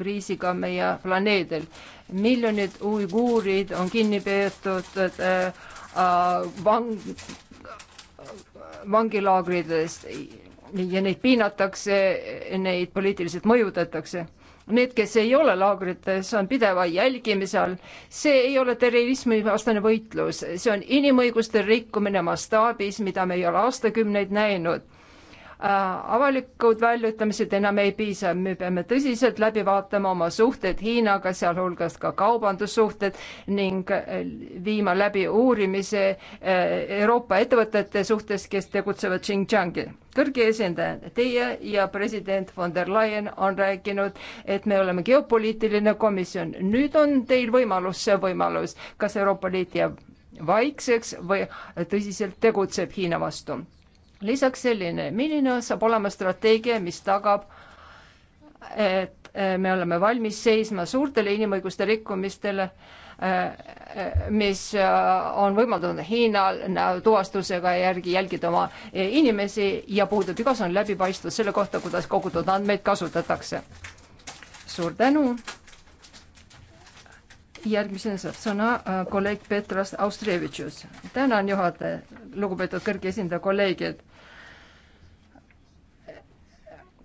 kriisiga meie planeedil. miljonid uiguurid on kinni peetud äh, äh, vang, vangilaagrides ja neid piinatakse, neid poliitiliselt mõjutatakse. Need, kes ei ole laagrites, on pideva jälgimise all. see ei ole terrorismivastane võitlus, see on inimõiguste rikkumine mastaabis, mida me ei ole aastakümneid näinud Äh, avalikud väljaütlemised enam ei piisa, me peame tõsiselt läbi vaatama oma suhted Hiinaga, sealhulgas ka kaubandussuhted ning äh, viima läbi uurimise äh, Euroopa ettevõtete suhtes, kes tegutsevad Xinjiangil. kõrge esindaja, teie ja president von der Leyen on rääkinud, et me oleme geopoliitiline komisjon, nüüd on teil võimalus, see võimalus, kas Euroopa Liit jääb vaikseks või tõsiselt tegutseb Hiina vastu lisaks selline, milline saab olema strateegia, mis tagab, et e, me oleme valmis seisma suurtele inimõiguste rikkumistele, e, e, mis on võimaldanud Hiinal tuvastusega järgi jälgida oma inimesi ja puudub igasugune läbipaistvus selle kohta, kuidas kogutud andmeid kasutatakse. suur tänu. järgmisena saab sõna kolleeg Petras Austrevitšus. tänan, juhataja, lugupeetud kõrge esindaja, kolleegid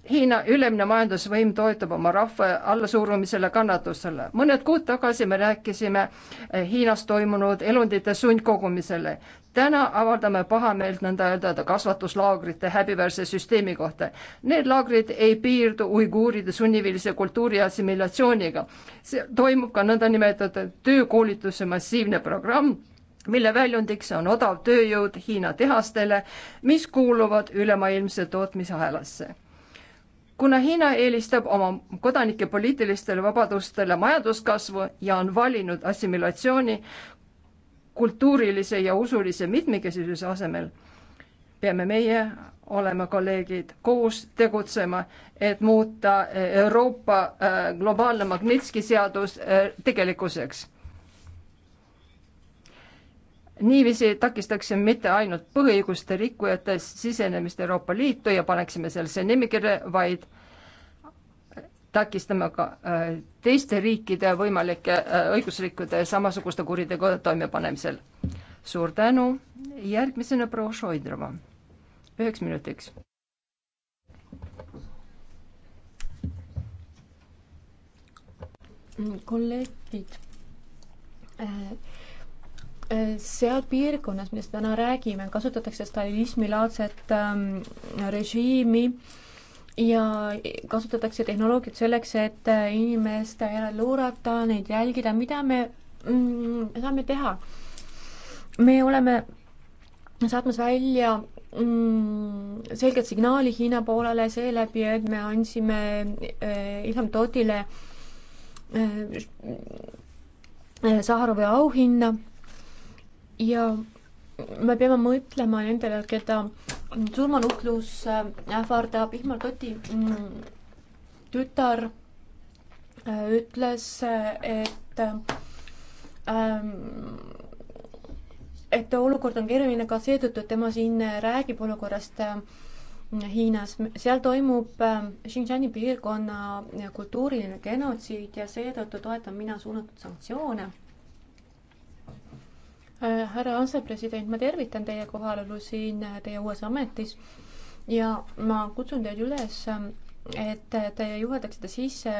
Hiina ülemine majandusvõim toetub oma rahva allasurumisele kannatusele. mõned kuud tagasi me rääkisime eh, Hiinas toimunud elundite sundkogumisele. täna avaldame pahameelt nõnda öelda kasvatuslaagrite häbiväärse süsteemi kohta. Need laagrid ei piirdu uiguuride sunnivilise kultuuri assimilatsiooniga. see toimub ka nõndanimetatud töökoolituse massiivne programm mille väljundiks on odav tööjõud Hiina tehastele, mis kuuluvad ülemaailmse tootmisahelasse kuna Hiina eelistab oma kodanike poliitilistele vabadustele majanduskasvu ja on valinud assimilatsiooni kultuurilise ja usulise mitmekesisuse asemel, peame meie olema, kolleegid, koos tegutsema, et muuta Euroopa äh, globaalne Magnitski seadus äh, tegelikkuseks niiviisi takistaksime mitte ainult põhiõiguste rikkujate sisenemist Euroopa Liitu ja paneksime sellesse nimekirja, vaid takistame ka äh, teiste riikide võimalike äh, õigusrikkude samasuguste kuritegude toimepanemisel. suur tänu, järgmisena proua Šoidrova, üheks minutiks. kolleegid äh seal piirkonnas, millest täna räägime, kasutatakse stalinismilaadset ähm, režiimi ja kasutatakse tehnoloogiat selleks, et äh, inimeste järel luurata, neid jälgida, mida me mm, saame teha. me oleme saatmas välja mm, selget signaali Hiina poolele seeläbi, et me andsime eh, Ilham Totile eh, Saharovi auhinna ja me peame mõtlema nendele, keda surmanuhtlus äh, ähvardab, Ihmar Toti mm, tütar äh, ütles, äh, et ähm, et olukord on keeruline ka seetõttu, et tema siin räägib olukorrast Hiinas, seal toimub ähm, Xinjiangi piirkonna kultuuriline genotsiid ja seetõttu toetan mina suunatud sanktsioone Äh, härra asepresident, ma tervitan teie kohalolu siin äh, teie uues ametis ja ma kutsun teid üles, äh, et te juhataksite sisse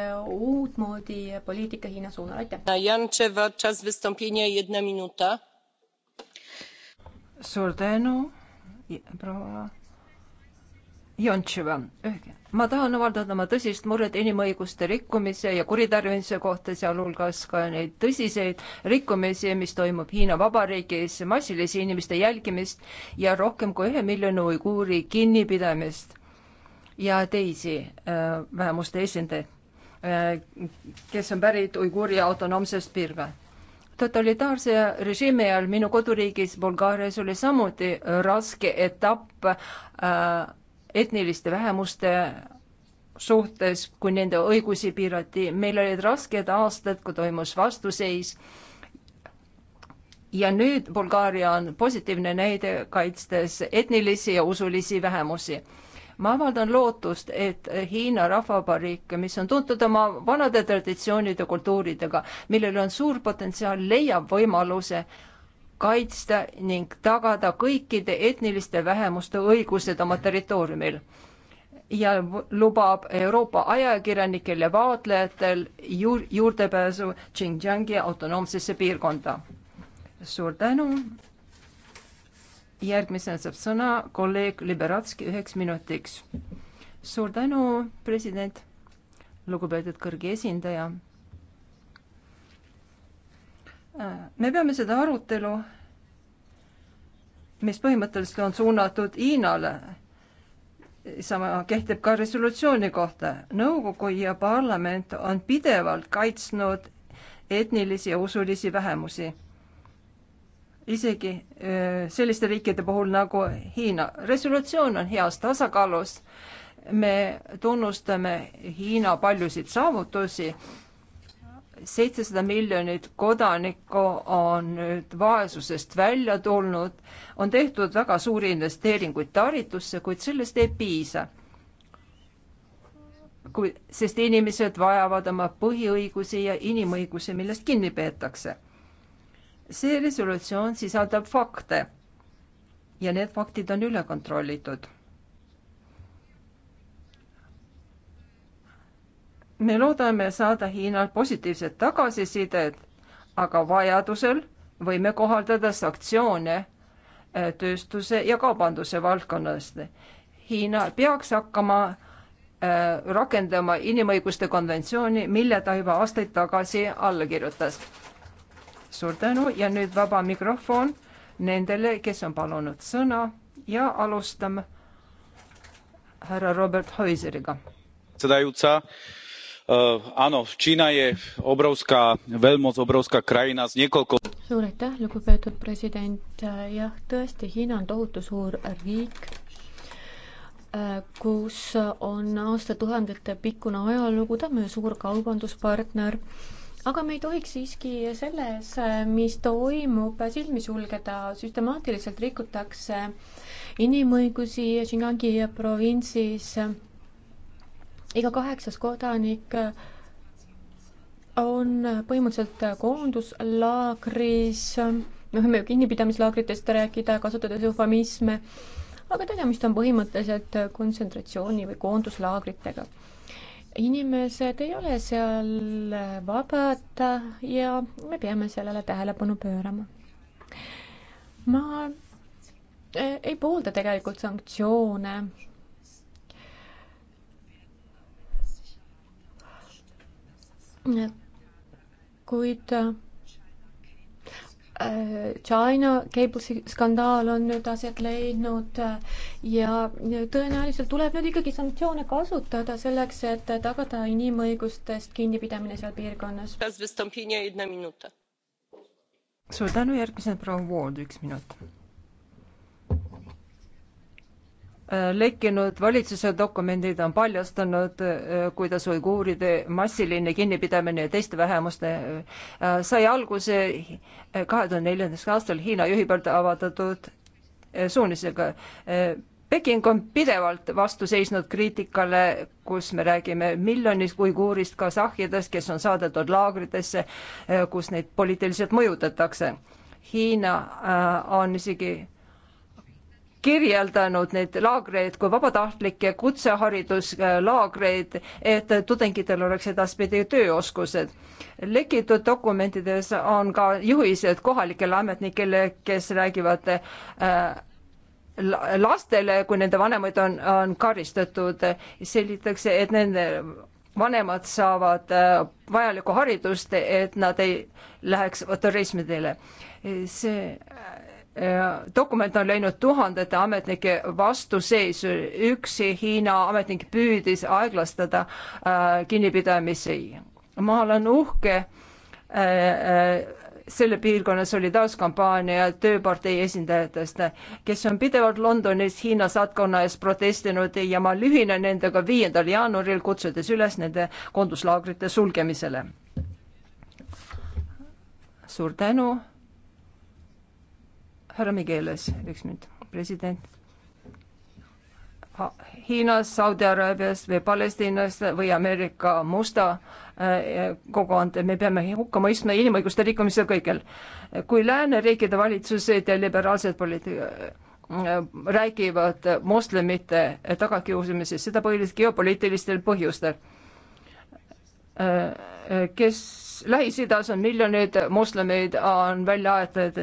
uutmoodi poliitika Hiina suunal, aitäh. suur tänu, proua Jontševa. ma tahan avaldada oma tõsist muret inimõiguste rikkumise ja kuritarvimise kohta, sealhulgas ka neid tõsiseid rikkumisi, mis toimub Hiina Vabariigis, massilise inimeste jälgimist ja rohkem kui ühe miljoni uiguuri kinnipidamist ja teisi äh, vähemuste esindajaid äh,, kes on pärit uiguuri autonoomsest piirkonnast totalitaarse režiimi ajal minu koduriigis Bulgaarias oli samuti raske etapp äh, etniliste vähemuste suhtes, kui nende õigusi piirati. meil olid rasked aastad, kui toimus vastuseis. ja nüüd Bulgaaria on positiivne näide, kaitstes etnilisi ja usulisi vähemusi. ma avaldan lootust, et Hiina Rahvavabariik, mis on tuntud oma vanade traditsioonide, kultuuridega, millel on suur potentsiaal, leiab võimaluse kaitsta ning tagada kõikide etniliste vähemuste õigused oma territooriumil ja lubab Euroopa ajakirjanikel ja vaatlejatel juur juurdepääsu Xinjiangi autonoomsesse piirkonda. suur tänu. järgmisena saab sõna kolleeg Liberatski üheks minutiks. suur tänu, president, lugupeetud kõrge esindaja Äh, me peame seda arutelu, mis põhimõtteliselt on suunatud Hiinale, sama kehtib ka resolutsiooni kohta. nõukogu ja parlament on pidevalt kaitsnud etnilisi ja usulisi vähemusi. isegi äh, selliste riikide puhul nagu Hiina. resolutsioon on heas tasakaalus, me tunnustame Hiina paljusid saavutusi seitsesada miljonit kodanikku on nüüd vaesusest välja tulnud, on tehtud väga suuri investeeringuid taritusse, kuid sellest ei piisa. kui, sest inimesed vajavad oma põhiõigusi ja inimõigusi, millest kinni peetakse. see resolutsioon sisaldab fakte ja need faktid on üle kontrollitud me loodame saada Hiinalt positiivset tagasisidet, aga vajadusel võime kohaldada sanktsioone äh, tööstuse ja kaubanduse valdkonnas. Hiina peaks hakkama äh, rakendama inimõiguste konventsiooni, mille ta juba aastaid tagasi alla kirjutas. suur tänu ja nüüd vaba mikrofon nendele, kes on palunud sõna ja alustame härra Robert Heuseriga. seda jutsa áno čína je obrovská veľmoc obrovská krajina s niekoľko. suur aitäh lugupeetud president jah tõesti hiina on tohutu suur riik äh, kus on aastatuhandete pikkune ajalugu ta on meie suur kaubanduspartner aga me ei tohiks siiski selles, mis toimub, silmi sulgeda, süstemaatiliselt rikutakse inimõigusi Xinjiangi provintsis iga kaheksas kodanik äh, on põhimõtteliselt koonduslaagris, me võime ju kinnipidamislaagritest rääkida, kasutades eufemisme, aga tegemist on põhimõtteliselt kontsentratsiooni- või koonduslaagritega inimesed ei ole seal vabad ja me peame sellele tähelepanu pöörama. ma äh, ei poolda tegelikult sanktsioone kuid äh, China Cable'i skandaal on nüüd aset leidnud äh, ja tõenäoliselt tuleb nüüd ikkagi sanktsioone kasutada selleks, et tagada inimõigustest kinnipidamine seal piirkonnas. suur tänu, järgmisena proua Vood, üks minut Äh, lekkinud valitsuse dokumendid on paljastanud, äh, kuidas uiguuride massiline kinnipidamine ja teiste vähemuste äh, sai alguse kahe tuhande neljandast aastal Hiina juhi poolt avaldatud suunisega. Peking on pidevalt vastu seisnud kriitikale, kus me räägime miljonist uiguurist kasahhidest, kes on saadetud laagritesse, kus neid poliitiliselt mõjutatakse. Hiina on isegi kirjeldanud neid laagreid kui vabatahtlikke kutsehariduslaagreid, äh, et tudengitel oleks edaspidi tööoskused. lekitud dokumentides on ka juhised kohalikele ametnikele, kes räägivad äh, lastele, kui nende vanemaid on, on karistatud, selgitakse, et nende vanemad saavad äh, vajalikku haridust, et nad ei läheks terrorismi teele. see dokument on läinud tuhandete ametnike vastuseisu, üks Hiina ametnik püüdis aeglastada äh, kinnipidamisi. ma olen uhke äh, äh, selle piirkonna solidaarskampaania tööpartei esindajatest, kes on pidevalt Londonis Hiina saatkonna ees protestinud ja ma ühinen nendega viiendal jaanuaril, kutsudes üles nende koonduslaagrite sulgemisele. suur tänu härra Migueles, üks minut, president. Hiinas, Saudi Araabias või Palestiinas või Ameerika musta äh, kogukond, me peame hukka mõistma inimõiguste rikkumise kõigil. kui lääneriikide valitsused ja liberaalsed poliitikud äh, räägivad moslemite tagakiusamisest, seda põhiliselt geopoliitilistel põhjustel äh, kes Lähis-Idas on miljonid moslemeid, on välja aetud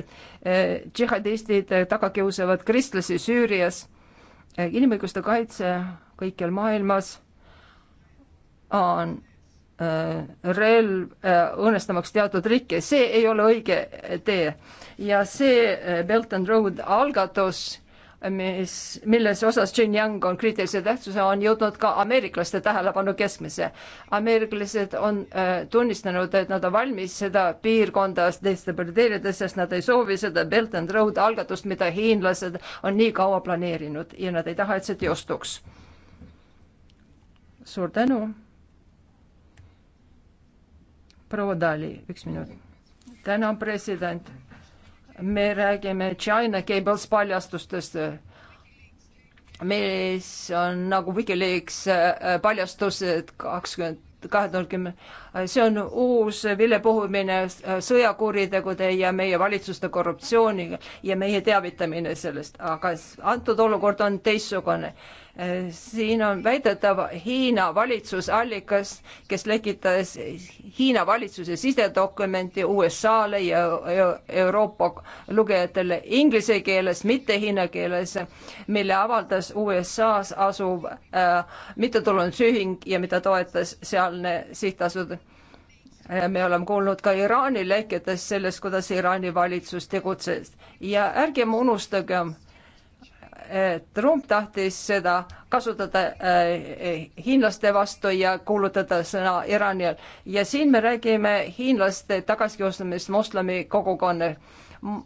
džihadistid, taga kiusavad kristlasi Süürias. inimõiguste kaitse kõikjal maailmas on äh, relv äh, õõnestamaks teatud riike, see ei ole õige tee. ja see äh, Belt and Road algatus mis, milles osas Xinjiang on kriitilise tähtsuse, on jõudnud ka ameeriklaste tähelepanu keskmesse. ameeriklased on äh, tunnistanud, et nad on valmis seda piirkonda destabiliseerida, sest nad ei soovi seda Belt and Road algatust, mida hiinlased on nii kaua planeerinud ja nad ei taha, et see teostuks. suur tänu. proua Dali, üks minut. tänan, president me räägime China Cables paljastustest, mis on nagu Wikileaks äh, paljastused kakskümmend kahe tuhande kümme, see on uus vilepuhumine äh, sõjakuritegude ja meie valitsuste korruptsiooniga ja meie teavitamine sellest, aga antud olukord on teistsugune siin on väidetav Hiina valitsusallikas, kes lekitas Hiina valitsuse sisedokumenti USA-le ja Euroopa lugejatele inglise keeles, mitte hiina keeles, mille avaldas USA-s asuv äh, mittetulundusühing ja mida toetas sealne sihtasutus äh, me oleme kuulnud ka Iraani lekides sellest, kuidas Iraani valitsus tegutses ja ärgem unustagem, Trump tahtis seda kasutada äh, hiinlaste vastu ja kuulutada sõna Iraanil ja siin me räägime hiinlaste tagasikiusamist moslemi kogukonnal.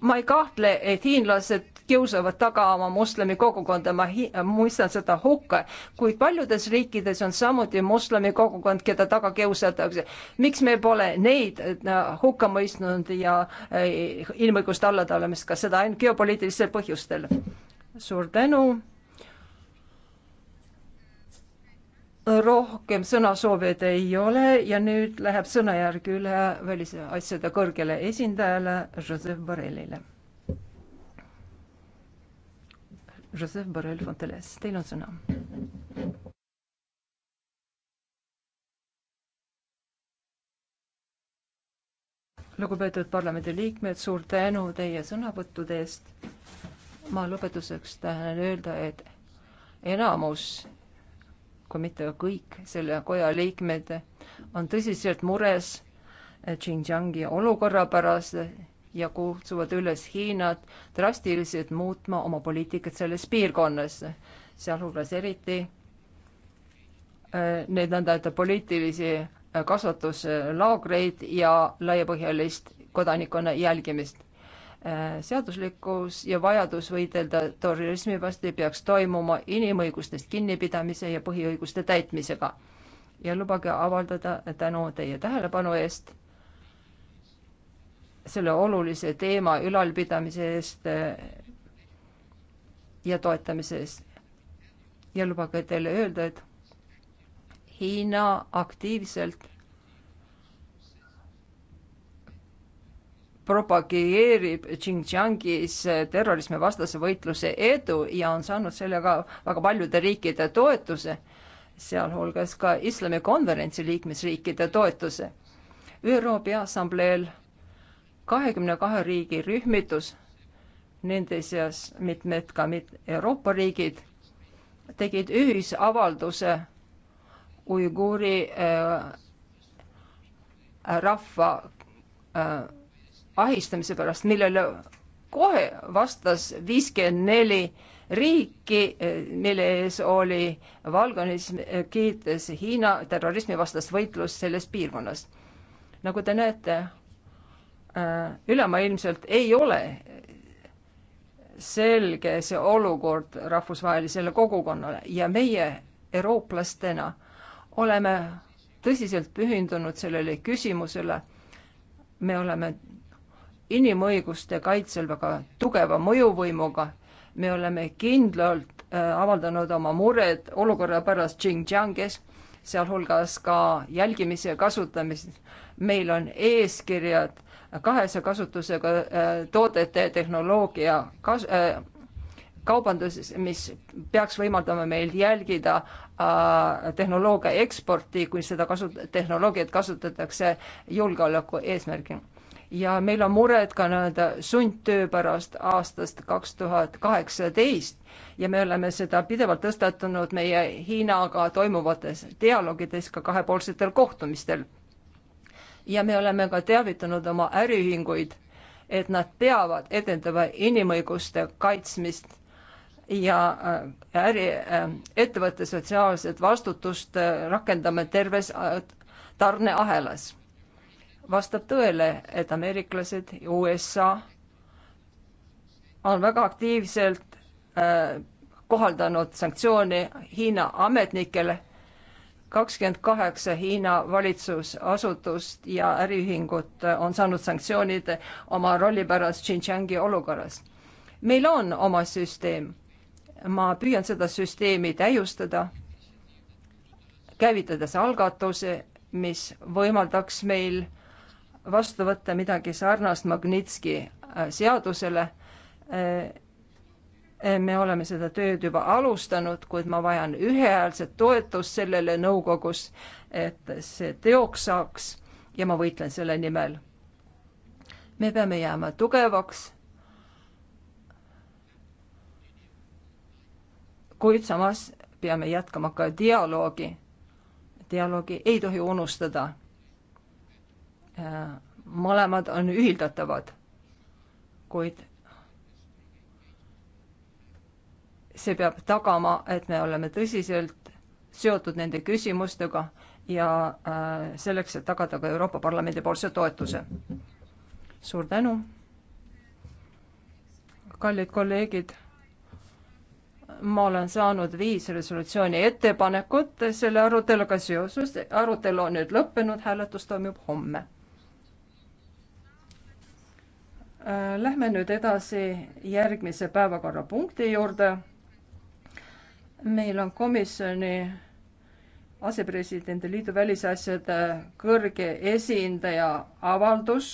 ma ei kahtle, et hiinlased kiusavad taga oma moslemi kogukonda, ma mõistan seda hukka, kuid paljudes riikides on samuti moslemi kogukond, keda taga kiusatakse. miks me pole neid äh, hukka mõistnud ja äh, inimõiguste allatalemist, kas seda ainult geopoliitilistel põhjustel? suur tänu. rohkem sõnasoovijaid ei ole ja nüüd läheb sõnajärg üle välisasjade kõrgele esindajale Joseph Borrellile. Joseph Borrell Fonteles, teil on sõna. lugupeetud parlamendiliikmed, suur tänu teie sõnavõttude eest ma lõpetuseks tahan öelda, et enamus, kui mitte kõik selle koja liikmed on tõsiselt mures Xinjiangi olukorra pärast ja kutsuvad üles Hiinat drastiliselt muutma oma poliitikat selles piirkonnas, sealhulgas eriti äh, need nõnda-öelda poliitilisi äh, kasvatuslaagreid ja laiapõhjalist kodanikkonna jälgimist. Äh, seaduslikkus ja vajadus võidelda terrorismi vastu peaks toimuma inimõigustest kinnipidamise ja põhiõiguste täitmisega. ja lubage avaldada tänu teie tähelepanu eest selle olulise teema ülalpidamise eest äh, ja toetamise eest. ja lubage teile öelda, et Hiina aktiivselt propageerib Xinjiangis terrorismivastase võitluse edu ja on saanud sellega väga paljude riikide toetuse, sealhulgas ka islamikonverentsi liikmesriikide toetuse. ÜRO Peaassambleel kahekümne kahe riigi rühmitus, nende seas mitmed ka mit Euroopa riigid, tegid ühisavalduse uiguuri äh, rahva äh, ahistamise pärast, millele kohe vastas viiskümmend neli riiki, mille ees oli valganism, kiites Hiina terrorismivastast võitlust selles piirkonnas. nagu te näete, äh, ülemaailmselt ei ole selge see olukord rahvusvahelisele kogukonnale ja meie eurooplastena oleme tõsiselt pühendunud sellele küsimusele. me oleme inimõiguste kaitsel väga tugeva mõjuvõimuga. me oleme kindlalt äh, avaldanud oma mured olukorra pärast Xinjiangis, sealhulgas ka jälgimise kasutamist. meil on eeskirjad kahese kasutusega äh, toodete tehnoloogia kas-, äh, kaubanduses, mis peaks võimaldama meil jälgida äh, tehnoloogia eksporti, kui seda kasu-, tehnoloogiat kasutatakse julgeoleku eesmärgil ja meil on mured ka nii-öelda sundtöö pärast aastast kaks tuhat kaheksateist ja me oleme seda pidevalt tõstatanud meie Hiinaga toimuvates dialoogides ka kahepoolsetel kohtumistel. ja me oleme ka teavitanud oma äriühinguid, et nad peavad edendama inimõiguste kaitsmist ja äh, äri, äh, ettevõtte sotsiaalset vastutust äh, rakendama terves tarneahelas vastab tõele, et ameeriklased, USA on väga aktiivselt äh, kohaldanud sanktsioone Hiina ametnikele, kakskümmend kaheksa Hiina valitsusasutust ja äriühingut on saanud sanktsioonid oma rolli pärast Xinjiangi olukorras. meil on oma süsteem. ma püüan seda süsteemi täiustada, käivitades algatuse, mis võimaldaks meil vastu võtta midagi sarnast Magnitski äh, seadusele. Äh, äh, me oleme seda tööd juba alustanud, kuid ma vajan ühehäälset toetust sellele nõukogus, et see teoks saaks ja ma võitlen selle nimel. me peame jääma tugevaks. kuid samas peame jätkama ka dialoogi. dialoogi ei tohi unustada Äh, mõlemad on ühildatavad, kuid see peab tagama, et me oleme tõsiselt seotud nende küsimustega ja äh, selleks, et tagada ka Euroopa Parlamendi poolse toetuse. suur tänu. kallid kolleegid, ma olen saanud viis resolutsiooni ettepanekut selle aruteluga seoses, arutelu on nüüd lõppenud, hääletus toimub homme Äh, lähme nüüd edasi järgmise päevakorrapunkti juurde. meil on komisjoni asepresidendi liidu välisasjade kõrge esindaja avaldus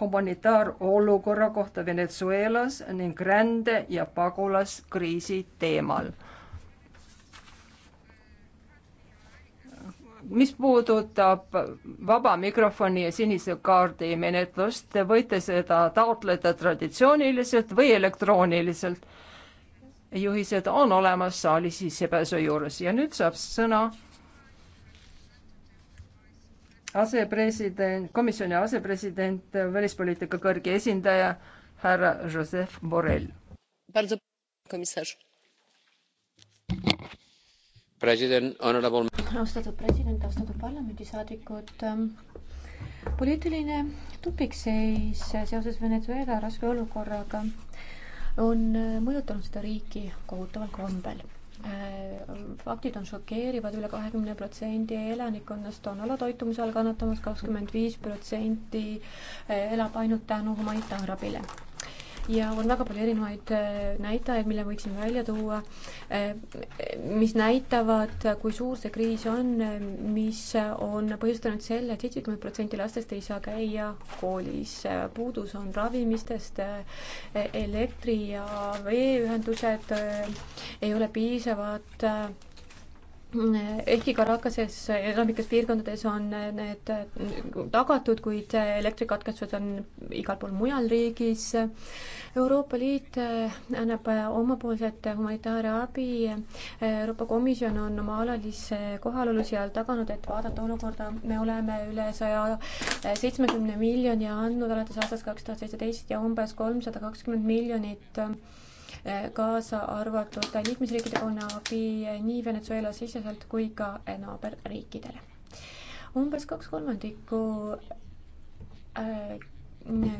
humanitaarolukorra kohta Venezuelas ning rände- ja pagulaskriisi teemal mis puudutab vaba mikrofoni ja sinise kaardi menetlust, te võite seda taotleda traditsiooniliselt või elektrooniliselt. juhised on olemas saali sissepääsu juures ja nüüd saab sõna asepresident, komisjoni asepresident, välispoliitika kõrge esindaja härra Joseph Borrell president, honorable. austatud president, austatud parlamendisaadikud. Ähm, poliitiline tupikseis seoses Venezuela raske olukorraga on äh, mõjutanud seda riiki kohutaval kombel äh, faktid on šokeerivad üle, üle kahekümne protsendi elanikkonnast on alatoitumise all kannatamas, kakskümmend viis protsenti äh, elab ainult tänu humanitaarabile ja on väga palju erinevaid äh, näitajaid, mille võiksin välja tuua, äh, mis näitavad, kui suur see kriis on, mis on põhjustanud selle, et seitsekümmend protsenti lastest ei saa käia koolis, puudus on ravimistest, äh, elektri- ja veeühendused ei ole piisavad ehkki Caracases enamikes piirkondades on need äh, tagatud, kuid elektrikatkestused on igal pool mujal riigis. Euroopa Liit äh, annab äh, omapoolset humanitaarabi. Euroopa Komisjon on oma alalise kohalolu seal taganud, et vaadata olukorda. me oleme üle saja seitsmekümne miljoni andnud alates aastast kaks tuhat seitseteist ja umbes kolmsada kakskümmend miljonit kaasa arvatud liikmesriikide poolne abi nii Venezuela siseselt kui ka naaberriikidele. umbes kaks kolmandikku äh,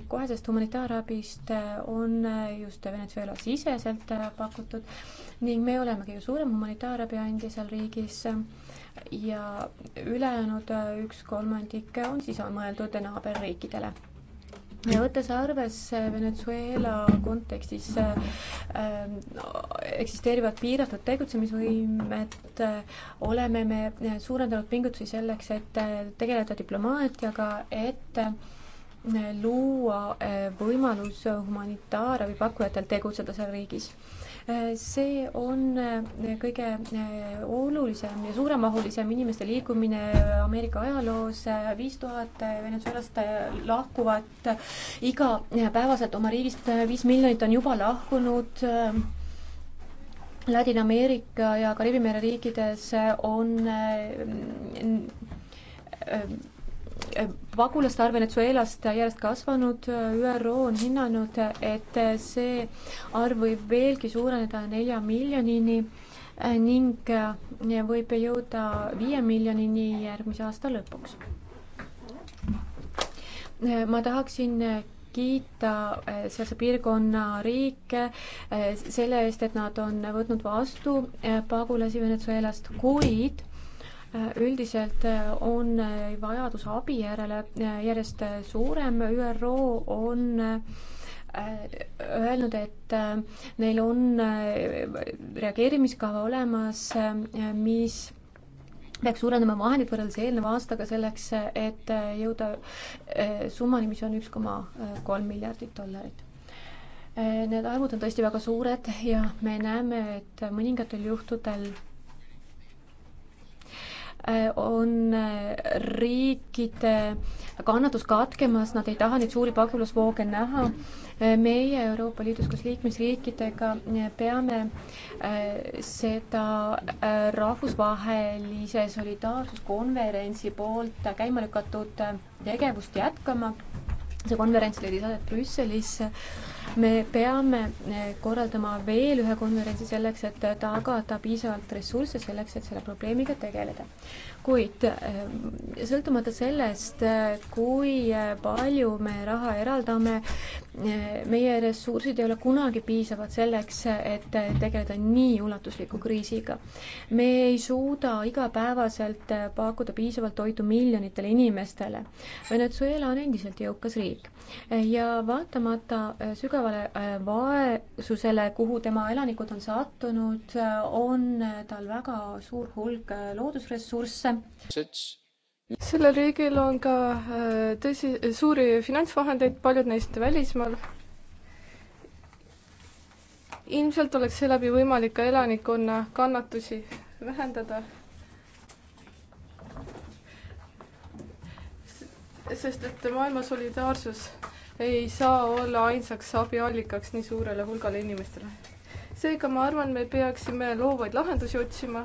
kohesest humanitaarabist on just Venezuela siseselt pakutud ning me olemegi ju suurem humanitaarabi andja seal riigis ja ülejäänud äh, üks kolmandik on siis mõeldud naaberriikidele võttes arvesse Venezuela kontekstis äh, eksisteerivat piiratud tegutsemisvõimet äh,, oleme me äh, suurendanud pingutusi selleks, et äh, tegeleda diplomaatiaga, et äh, luua äh, võimalus humanitaarabi pakkujatel tegutseda seal riigis see on eh, kõige eh, olulisem ja suuremahulisem inimeste liikumine Ameerika ajaloos. viis tuhat eh, Venezuelast lahkuvat igapäevaselt oma riigist, viis miljonit on juba lahkunud. Ladina-Ameerika ja Kariibi mere riikides on pagulaste arv Venezuelast järjest kasvanud, ÜRO on hinnanud, et see arv võib veelgi suureneda nelja miljonini ning võib jõuda viie miljonini järgmise aasta lõpuks. ma tahaksin kiita sealse piirkonna riike selle eest, et nad on võtnud vastu pagulasi Venezuelast, kuid üldiselt äh, on äh, vajadus abi järele äh, järjest suurem, ÜRO on öelnud, et neil on reageerimiskava olemas, mis peaks suurendama vahendid võrreldes eelneva aastaga selleks, et jõuda summani, mis on üks koma kolm miljardit dollarit. Need arvud on tõesti väga suured ja me näeme, et mõningatel juhtudel Äh, on äh, riikide kannatus katkemas, nad ei taha neid suuri pagulasvooge näha. Äh, meie Euroopa Liidus koos liikmesriikidega peame seda rahvusvahelise solidaarsuskonverentsi poolt käima lükatud tegevust jätkama. see konverents leidis aset Brüsselis me peame eh, korraldama veel ühe konverentsi selleks, et tagada piisavalt ressursse selleks, et selle probleemiga tegeleda. kuid eh, sõltumata sellest, eh, kui palju me raha eraldame, meie ressursid ei ole kunagi piisavad selleks, et tegeleda nii ulatusliku kriisiga. me ei suuda igapäevaselt pakkuda piisavalt toitu miljonitele inimestele. Venezuela on endiselt jõukas riik ja vaatamata sügavale tugevale äh, vaesusele, kuhu tema elanikud on sattunud, äh, on äh, tal väga suur hulk loodusressursse. sellel riigil on ka tõsi, suuri finantsvahendeid, paljud neist välismaal. ilmselt oleks seeläbi võimalik ka elanikkonna kannatusi vähendada sest et maailma solidaarsus ei saa olla ainsaks abiallikaks nii suurele hulgale inimestele. seega ma arvan, me peaksime loovaid lahendusi otsima,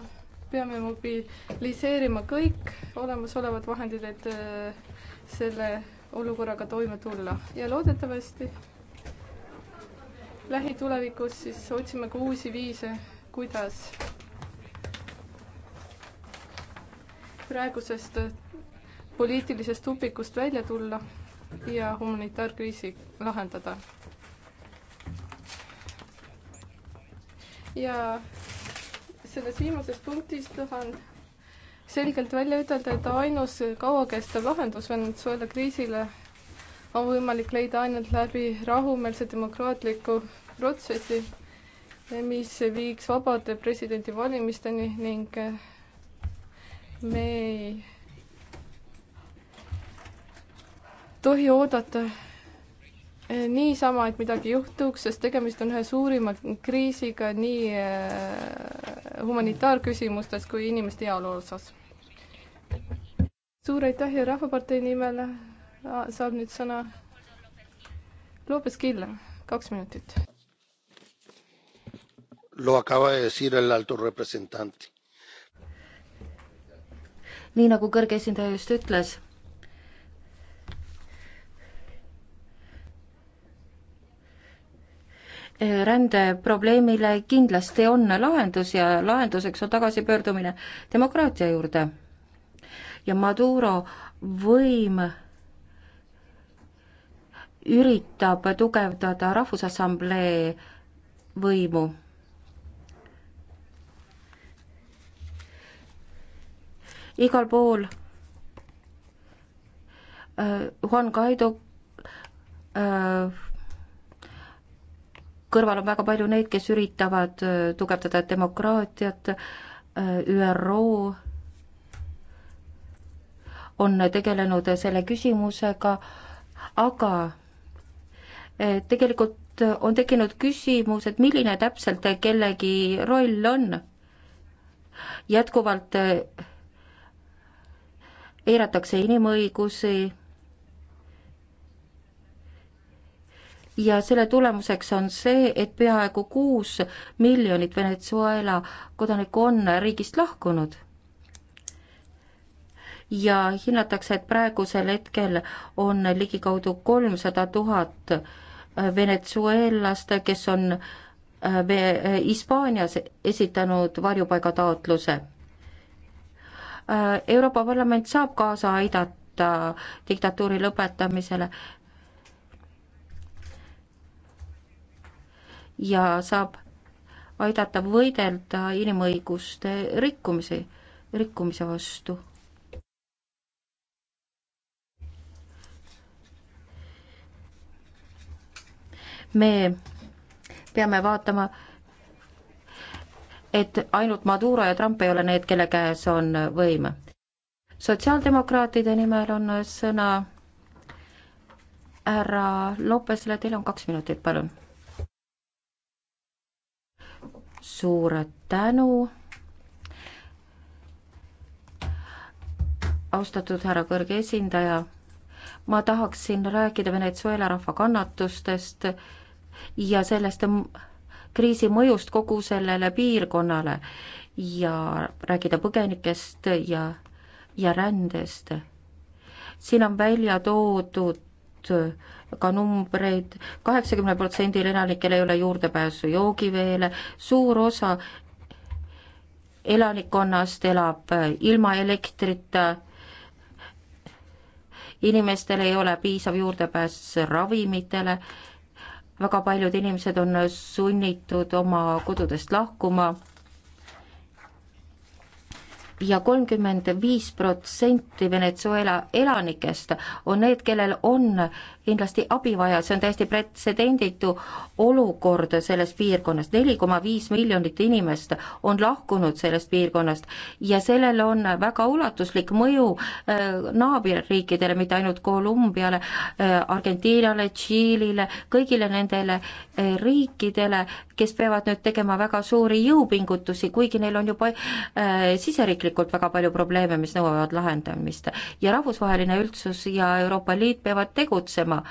peame mobiliseerima kõik olemasolevad vahendid, et äh, selle olukorraga toime tulla ja loodetavasti lähitulevikus siis otsime ka uusi viise, kuidas praegusest poliitilisest tupikust välja tulla ja humanitaarkriisi lahendada. ja selles viimases punktis tahan selgelt välja ütelda, et ainus kauakestev lahendus Venezuela kriisile on võimalik leida ainult läbi rahumeelse demokraatliku protsessi, mis viiks vabade presidendivalimisteni ning me ei tohi oodata eh, niisama, et midagi juhtuks, sest tegemist on ühe suurima kriisiga nii eh, humanitaarküsimustes kui inimeste heaolu osas. suur aitäh ja Rahvapartei nimel ah, saab nüüd sõna Lopez Killa, kaks minutit. Lo acaba de decir el alto representante. nii nagu kõrge esindaja just ütles rändeprobleemile kindlasti on lahendus ja lahenduseks on tagasipöördumine demokraatia juurde. ja Maduro võim üritab tugevdada Rahvusassamblee võimu. igal pool äh, Juan Guaido äh, kõrval on väga palju neid, kes üritavad äh, tugevdada demokraatiat, äh, ÜRO on tegelenud selle küsimusega, aga äh, tegelikult on tekkinud küsimus, et milline täpselt kellegi roll on. jätkuvalt eiratakse inimõigusi ja selle tulemuseks on see, et peaaegu kuus miljonit Venezuela kodanikku on riigist lahkunud. ja hinnatakse, et praegusel hetkel on ligikaudu kolmsada tuhat venezuelast, kes on äh, Hispaanias esitanud varjupaigataotluse. Äh, Euroopa Parlament saab kaasa aidata diktatuuri lõpetamisele ja saab aidata võidelda inimõiguste rikkumisi, rikkumise vastu. me peame vaatama, et ainult Maduro ja Trump ei ole need, kelle käes on võim. sotsiaaldemokraatide nimel on sõna härra Lopesele, teil on kaks minutit, palun suur tänu. austatud härra kõrge esindaja, ma tahaksin rääkida Venezuela rahva kannatustest ja sellest kriisi mõjust kogu sellele piirkonnale ja rääkida põgenikest ja, ja rändest. siin on välja toodud äh, ka numbreid, kaheksakümnel protsendil elanikel ei ole juurdepääsu joogiveele, suur osa elanikkonnast elab äh, ilma elektrita, inimestel ei ole piisav juurdepääs ravimitele, väga paljud inimesed on sunnitud oma kodudest lahkuma ja kolmkümmend viis protsenti Venezuela elanikest on need, kellel on kindlasti abi vaja, see on täiesti pretsedenditu olukord selles piirkonnas, neli koma viis miljonit inimest on lahkunud sellest piirkonnast ja sellel on väga ulatuslik mõju äh, naaberriikidele, mitte ainult Kolumbiale, äh, Argentiinale, Tšiilile, kõigile nendele äh, riikidele, kes peavad nüüd tegema väga suuri jõupingutusi, kuigi neil on juba äh, siseriiklikult väga palju probleeme, mis nõuavad lahendamist. ja rahvusvaheline üldsus ja Euroopa Liit peavad tegutsema,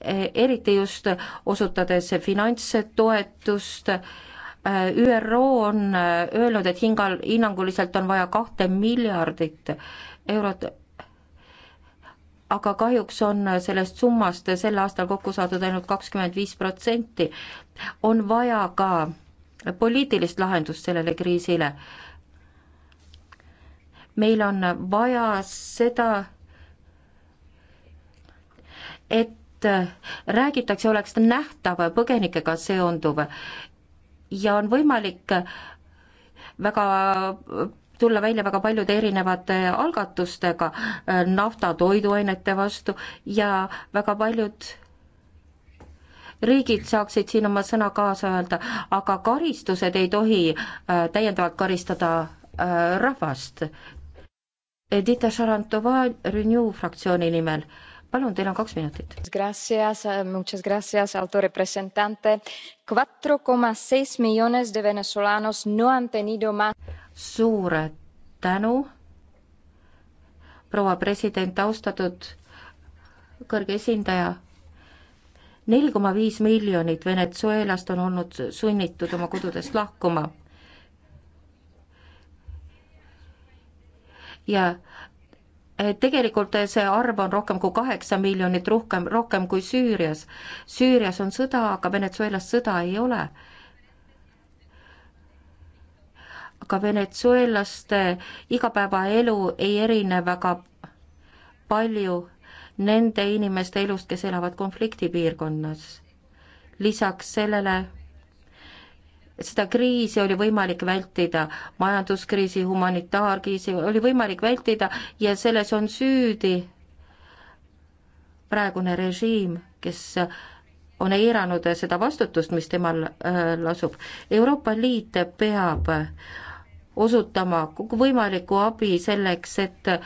e, eriti just osutades finantstoetust äh, ÜRO on äh, öelnud, et hingal, hinnanguliselt on vaja kahte miljardit eurot, aga kahjuks on sellest summast sel aastal kokku saadud ainult kakskümmend viis protsenti on vaja ka poliitilist lahendust sellele kriisile. meil on vaja seda, et räägitakse, oleks nähtav põgenikega seonduv ja on võimalik väga tulla välja väga paljude erinevate algatustega nafta, toiduainete vastu ja väga paljud riigid saaksid siin oma sõna kaasa öelda, aga karistused ei tohi äh, täiendavalt karistada äh, rahvast. Edita Šarantova Renew fraktsiooni nimel, palun, teil on kaks minutit. Gracias, eh, muchas gracias, alto representante. Cuatro coma seis millones de venezolanos no han tenido más. suur tänu, proua president, austatud kõrge esindaja neli koma viis miljonit Venezuelast on olnud sunnitud oma kodudest lahkuma. ja eh, tegelikult see arv on rohkem kui kaheksa miljonit, rohkem, rohkem kui Süürias. Süürias on sõda, aga Venezuelas sõda ei ole aga venezuelaste igapäevaelu ei erine väga palju nende inimeste elust, kes elavad konfliktipiirkonnas. lisaks sellele seda kriisi oli võimalik vältida, majanduskriisi, humanitaarkriisi oli võimalik vältida ja selles on süüdi praegune režiim, kes on eiranud seda vastutust, mis temal äh, lasub. Euroopa Liit peab osutama kogu võimalikku abi selleks, et äh,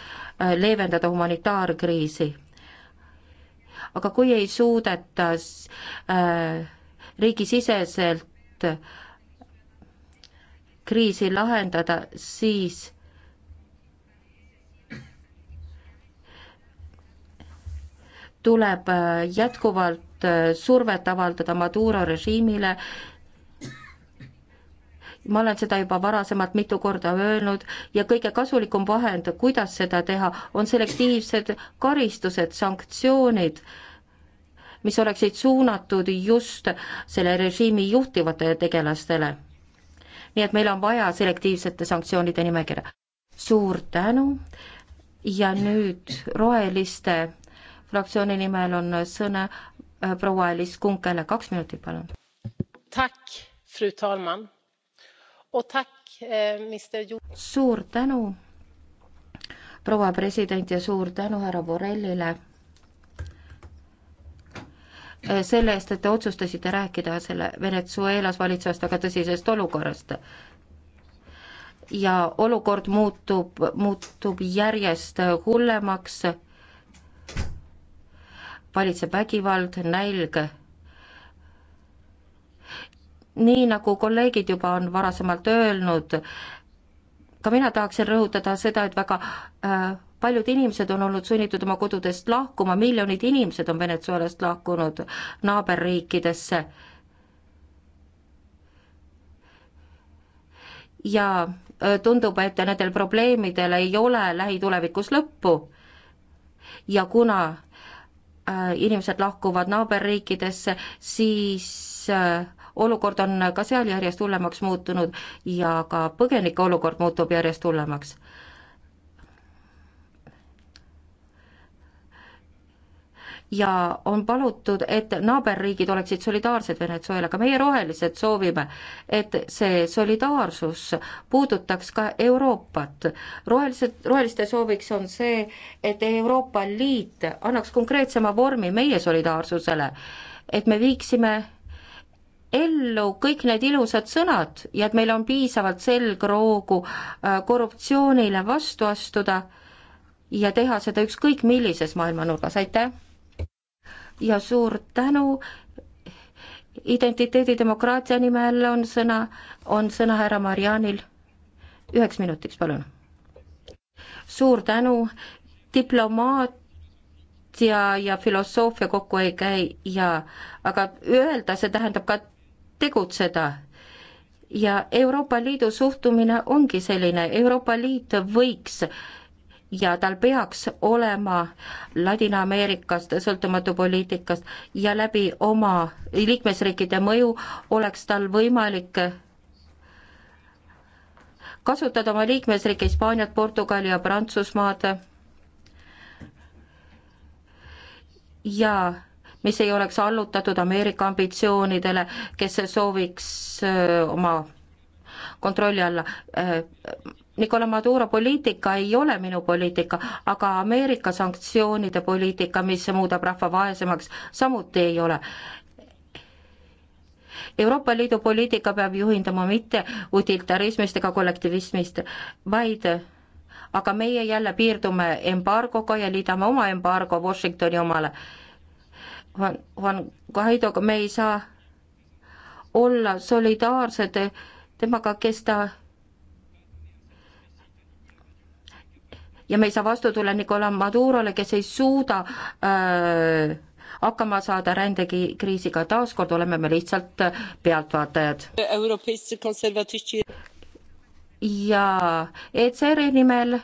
leevendada humanitaarkriisi aga kui ei suudeta äh, riigisiseselt äh, kriisi lahendada, siis äh, tuleb äh, jätkuvalt survet avaldada Maduro režiimile ma olen seda juba varasemalt mitu korda öelnud ja kõige kasulikum vahend, kuidas seda teha, on selektiivsed karistused, sanktsioonid, mis oleksid suunatud just selle režiimi juhtivate tegelastele. nii et meil on vaja selektiivsete sanktsioonide nimekirja. suur tänu ja nüüd Roheliste fraktsiooni nimel on sõna äh, proua Alice Kunkele, kaks minutit, palun. Fru talman! Eh, suur tänu, proua president ja suur tänu härra Borrellile eh, selle eest, et te otsustasite rääkida selle Venezuelas valitsevast väga tõsisest olukorrast. ja olukord muutub, muutub järjest hullemaks, valitseb vägivald, nälg nii nagu kolleegid juba on varasemalt öelnud, ka mina tahaksin rõhutada seda, et väga äh, paljud inimesed on olnud sunnitud oma kodudest lahkuma, miljonid inimesed on Venezuelast lahkunud naaberriikidesse. ja äh, tundub, et nendel probleemidel ei ole lähitulevikus lõppu. ja kuna äh, inimesed lahkuvad naaberriikidesse, siis äh, olukord on ka seal järjest hullemaks muutunud ja ka põgenike olukord muutub järjest hullemaks. ja on palutud, et naaberriigid oleksid solidaarsed Venezuelaga, meie rohelised soovime, et see solidaarsus puudutaks ka Euroopat. rohelised, roheliste sooviks on see, et Euroopa Liit annaks konkreetsema vormi meie solidaarsusele, et me viiksime ellu kõik need ilusad sõnad ja et meil on piisavalt selgroogu äh, korruptsioonile vastu astuda ja teha seda ükskõik millises maailmanurgas, aitäh! ja suur tänu, identiteedidemokraatia nimel on sõna, on sõna härra Marianil. üheks minutiks, palun. suur tänu, diplomaat ja, ja filosoofia kokku ei käi ja aga öelda, see tähendab ka tegutseda. ja Euroopa Liidu suhtumine ongi selline, Euroopa Liit võiks ja tal peaks olema Ladina-Ameerikast sõltumatu poliitikast ja läbi oma liikmesriikide mõju oleks tal võimalik kasutada oma liikmesriike Hispaaniat, Portugali ja Prantsusmaad ja mis ei oleks allutatud Ameerika ambitsioonidele, kes sooviks oma kontrolli alla. Nicolas Maduro poliitika ei ole minu poliitika, aga Ameerika sanktsioonide poliitika, mis muudab rahva vaesemaks, samuti ei ole. Euroopa Liidu poliitika peab juhinduma mitte utilitarismist ega kollektivismist, vaid aga meie jälle piirdume embargoga ja liidame oma embargo Washingtoni omale Juan, Juan Guaidoga, me ei saa olla solidaarsed temaga, kes ta ja me ei saa vastu tulla Nicolas Madurole, kes ei suuda öö, äh, hakkama saada rändekriisiga, taaskord oleme me lihtsalt pealtvaatajad. ja ECR-i nimel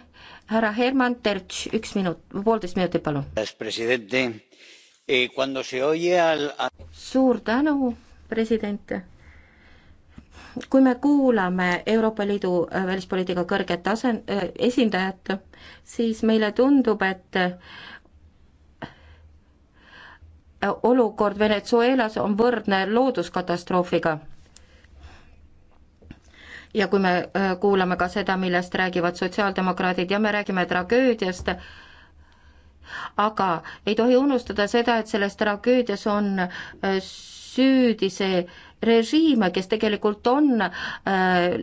härra Herman Terts, üks minut, poolteist minutit, palun. Eh, suur tänu, president. kui me kuulame Euroopa Liidu eh, välispoliitika kõrget tase, eh, esindajat, siis meile tundub, et olukord Venezuelas on võrdne looduskatastroofiga ja kui me kuulame ka seda, millest räägivad sotsiaaldemokraadid ja me räägime tragöödiast, aga ei tohi unustada seda, et selles tragöödias on äh, süüdi see režiim, kes tegelikult on äh,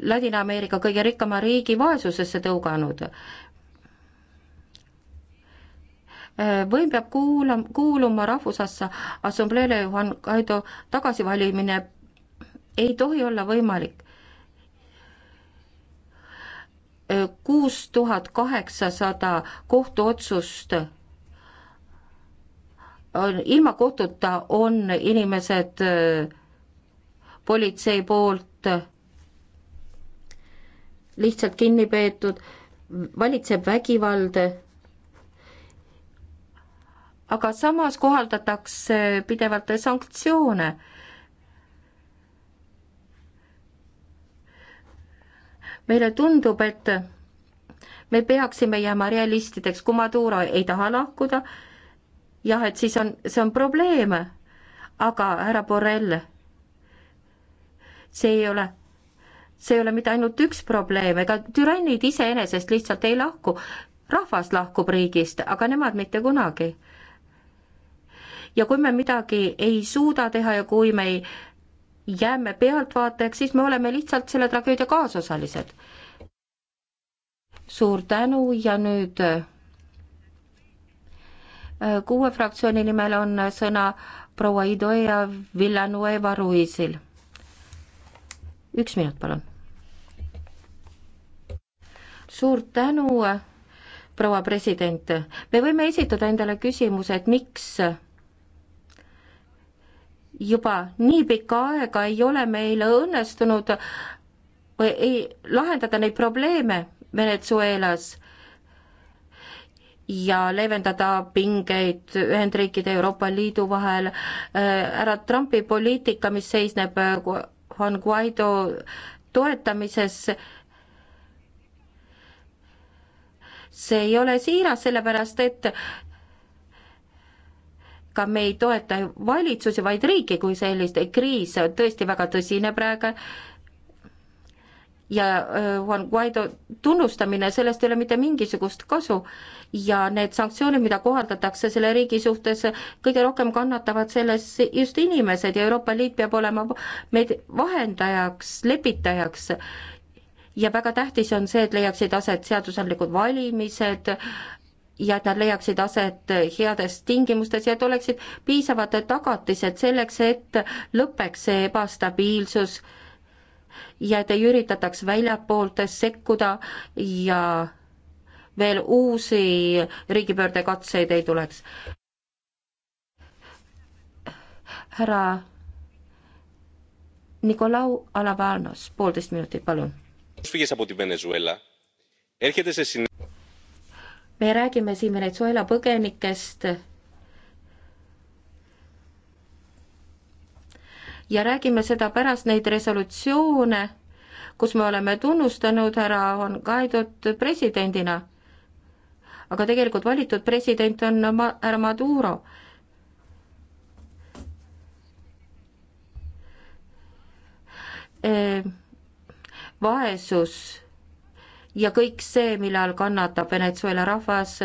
Ladina-Ameerika kõige rikkama riigi vaesusesse tõuganud äh, võim peab kuula, kuuluma Rahvusasse Assambleele Juhan Kaido tagasivalimine ei tohi olla võimalik. Äh, kuus tuhat kaheksasada kohtuotsust on, ilma kohtuta on inimesed äh, politsei poolt äh, lihtsalt kinni peetud, valitseb vägivald, aga samas kohaldatakse pidevalt sanktsioone meile tundub, et me peaksime jääma realistideks, kui Maduro ei taha lahkuda, jah, et siis on, see on probleem. aga härra Borrell, see ei ole see ei ole mitte ainult üks probleem, ega türannid iseenesest lihtsalt ei lahku, rahvas lahkub riigist, aga nemad mitte kunagi. ja kui me midagi ei suuda teha ja kui me ei, jääme pealtvaatajaks, siis me oleme lihtsalt selle tragöödia kaasosalised. suur tänu ja nüüd äh, kuue fraktsiooni nimel on sõna proua Ido ja Villanueva Ruisil. üks minut, palun. suur tänu, proua president. me võime esitada endale küsimuse, et miks juba nii pikka aega ei ole meil õnnestunud või ei lahendada neid probleeme Venezuelas ja leevendada pingeid Ühendriikide ja Euroopa Liidu vahel. Äh, härra Trumpi poliitika, mis seisneb äh, Juan Guaido toetamises, see ei ole siiras, sellepärast et ka me ei toeta valitsusi, vaid riiki kui sellist, kriis on tõesti väga tõsine praegu ja äh, Juan Guaido tunnustamine, sellest ei ole mitte mingisugust kasu. ja need sanktsioonid, mida kohaldatakse selle riigi suhtes, kõige rohkem kannatavad selles just inimesed ja Euroopa Liit peab olema meid vahendajaks, lepitajaks ja väga tähtis on see, et leiaksid aset seadusandlikud valimised ja et nad leiaksid aset heades tingimustes ja et oleksid piisavad tagatised selleks, et lõpeks see ebastabiilsus äh, ja et ei üritataks väljapoolt sekkuda ja veel uusi riigipöördekatseid ei tuleks. härra Nikolau Alavanos, poolteist minutit, palun. me räägime siin Venezuela põgenikest ja räägime seda pärast neid resolutsioone, kus me oleme tunnustanud härra Juan Guaidot presidendina. aga tegelikult valitud president on ma-, härra Maduro ehm, vaesus ja kõik see, mille all kannatab Venezuela rahvas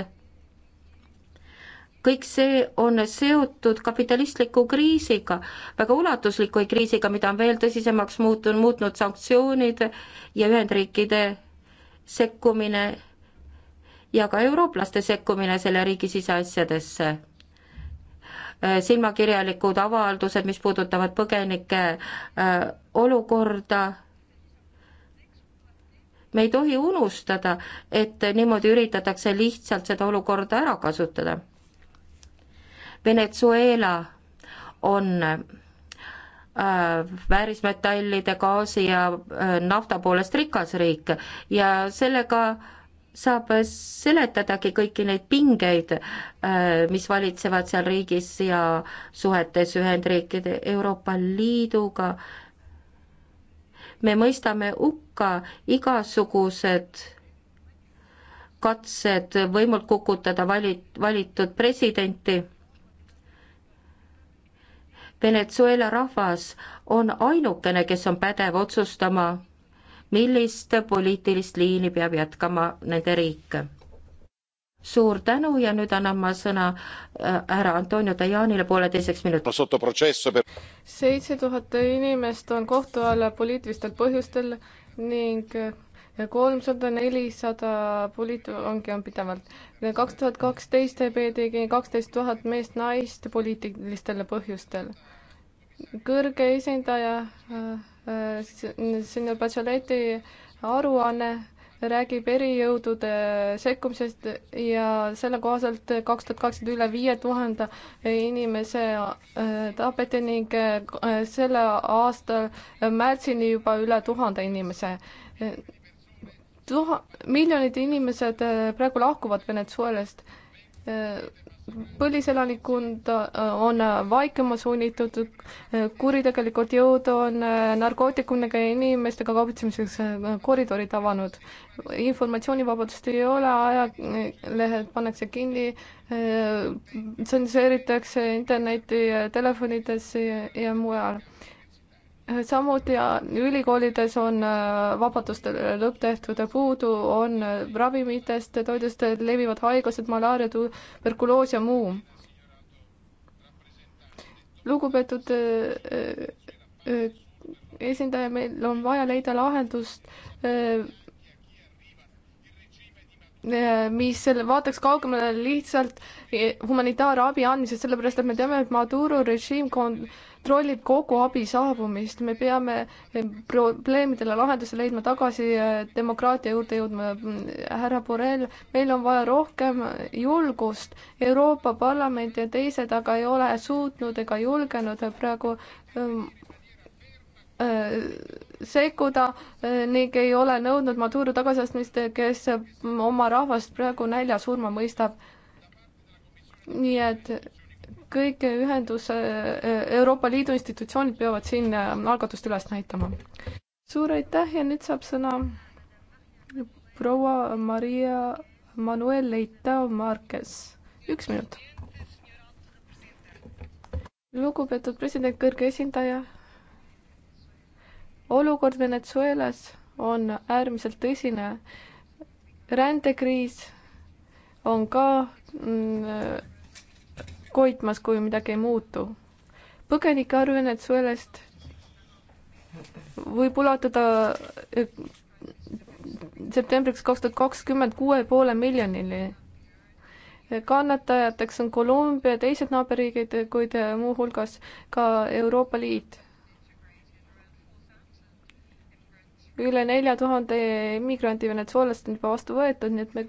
kõik see on seotud kapitalistliku kriisiga, väga ulatusliku kriisiga, mida on veel tõsisemaks muutunud, muutnud sanktsioonid ja Ühendriikide sekkumine ja ka eurooplaste sekkumine selle riigi siseasjadesse. Äh, silmakirjalikud avaldused, mis puudutavad põgenike äh, olukorda me ei tohi unustada, et niimoodi üritatakse lihtsalt seda olukorda ära kasutada. Venezuela on äh, väärismetallide, gaasi ja äh, nafta poolest rikas riik ja sellega saab seletadagi kõiki neid pingeid, äh, mis valitsevad seal riigis ja suhetes Ühendriikide Euroopa Liiduga. me mõistame hukka igasugused katsed võimult kukutada valit-, valitud presidenti Venezuela rahvas on ainukene, kes on pädev otsustama, millist poliitilist liini peab jätkama nende riik. suur tänu ja nüüd annan ma sõna äh, härra Antonio Tajanile pooleteiseks minutiks. seitse tuhat inimest on kohtu all poliitilistel põhjustel ning äh, kolmsada, nelisada poliitvangi on pidevalt. kaks tuhat kaksteist peeti kaksteist tuhat meest-naist poliitilistel põhjustel kõrge esindaja äh, äh, sinna Bacheleti aruanne räägib erijõudude sekkumisest ja selle kohaselt kaks tuhat kakskümmend üle viie tuhande inimese äh, tapeti ning selle aasta märtsini juba üle tuhande inimese. tuha-, miljonid inimesed praegu lahkuvad Venezuelast põliselanikkond äh, on äh, vaikima sunnitud, äh, kuritegelikud jõud on narkootikumidega inimestega kaubitsemiseks koridorid avanud. informatsioonivabadust ei ole, ajalehed pannakse kinni, tsenseeritakse interneti, telefonides ja mujal samuti äh, ülikoolides on äh, vabaduste lõpptehtude puudu, on äh, ravimitest, toidust levivad haigused, malaaria, tuberkuloos ja muu. lugupeetud esindaja, meil on vaja leida lahendust Äh, mis selle, vaataks kaugemale lihtsalt humanitaarabi andmisest, sellepärast et me teame, et Maduro režiim kontrollib kogu abi saabumist, me peame äh, probleemidele lahenduse leidma, tagasi äh, demokraatia juurde jõudma. härra Borrell, meil on vaja rohkem julgust, Euroopa Parlament ja teised aga ei ole suutnud ega julgenud praegu ähm, Äh, sekkuda äh, ning ei ole nõudnud Maduro tagasiastmist, kes oma rahvast praegu nälja surma mõistab. nii et kõik ühenduse, äh, Euroopa Liidu institutsioonid peavad siin algatust üles näitama. suur aitäh ja nüüd saab sõna proua Maria Manuel Leitao Marques, üks minut. lugupeetud president, kõrge esindaja olukord Venezuelas on äärmiselt tõsine. rändekriis on ka mm, koitmas, kui midagi ei muutu. põgenike arv Venezuelast võib ulatuda eh, septembriks kaks tuhat kakskümmend kuue poole miljonini. kannatajateks on Kolumbia ja teised naaberriigid, kuid eh, muuhulgas ka Euroopa Liit. üle nelja tuhande immigrandi venezuelast on juba vastu võetud, nii et me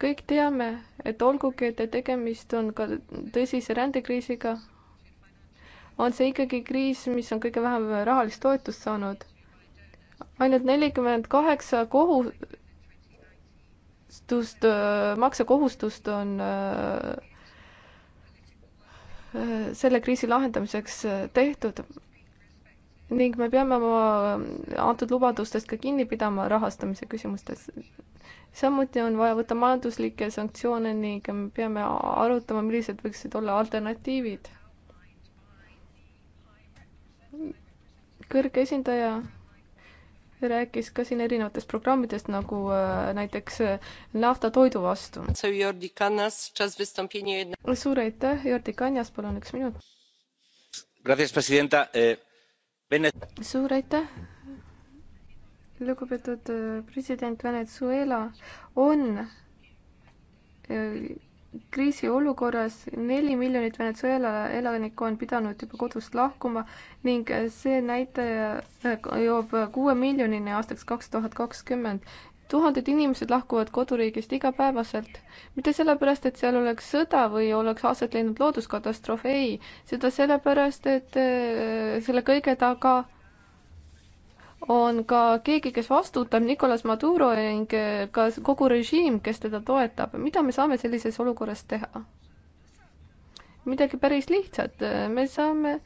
kõik teame, et olgugi, et tegemist on ka tõsise rändekriisiga, on see ikkagi kriis, mis on kõige vähem rahalist toetust saanud. ainult nelikümmend kaheksa kohustust, maksekohustust on äh, selle kriisi lahendamiseks äh, tehtud ning me peame oma antud lubadustest ka kinni pidama rahastamise küsimustes. samuti on vaja võtta majanduslikke sanktsioone ning me peame arutama, millised võiksid olla alternatiivid. kõrge esindaja rääkis ka siin erinevatest programmidest nagu äh, näiteks äh, nafta toidu vastu. suur aitäh, Jordi Kanjas, palun üks minut. Gracias, presidenta eh suur aitäh, lugupeetud äh, president Venezuela on äh, kriisiolukorras neli miljonit Venezuela elanikku on pidanud juba kodust lahkuma ning äh, see näitaja jõuab kuue miljonini aastaks kaks tuhat kakskümmend tuhanded inimesed lahkuvad koduriigist igapäevaselt. mitte sellepärast, et seal oleks sõda või oleks aset leidnud looduskatastroof, ei, seda sellepärast, et äh, selle kõige taga on ka keegi, kes vastutab, Nicolas Maduro ning äh, ka kogu režiim, kes teda toetab. mida me saame sellises olukorras teha? midagi päris lihtsat, me saame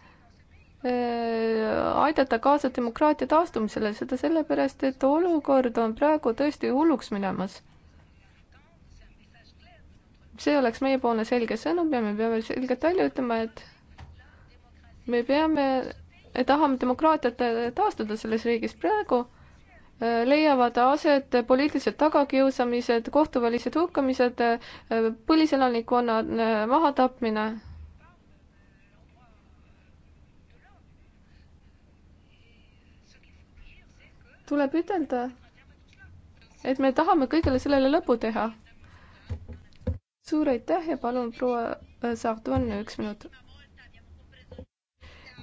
Äh, aidata kaasa demokraatia taastumisele, seda sellepärast, et olukord on praegu tõesti hulluks minemas. see oleks meiepoolne selge sõnum ja me peame selgelt välja ütlema, et me peame, tahame demokraatiat taastada selles riigis praegu, äh, leiavad aset poliitilised tagakiusamised, kohtuvälised hukkamised, äh, põliselanikkonna mahatapmine tuleb ütelda, et me tahame kõigele sellele lõpu teha. suur aitäh ja palun, proua äh, Sahton, üks minut.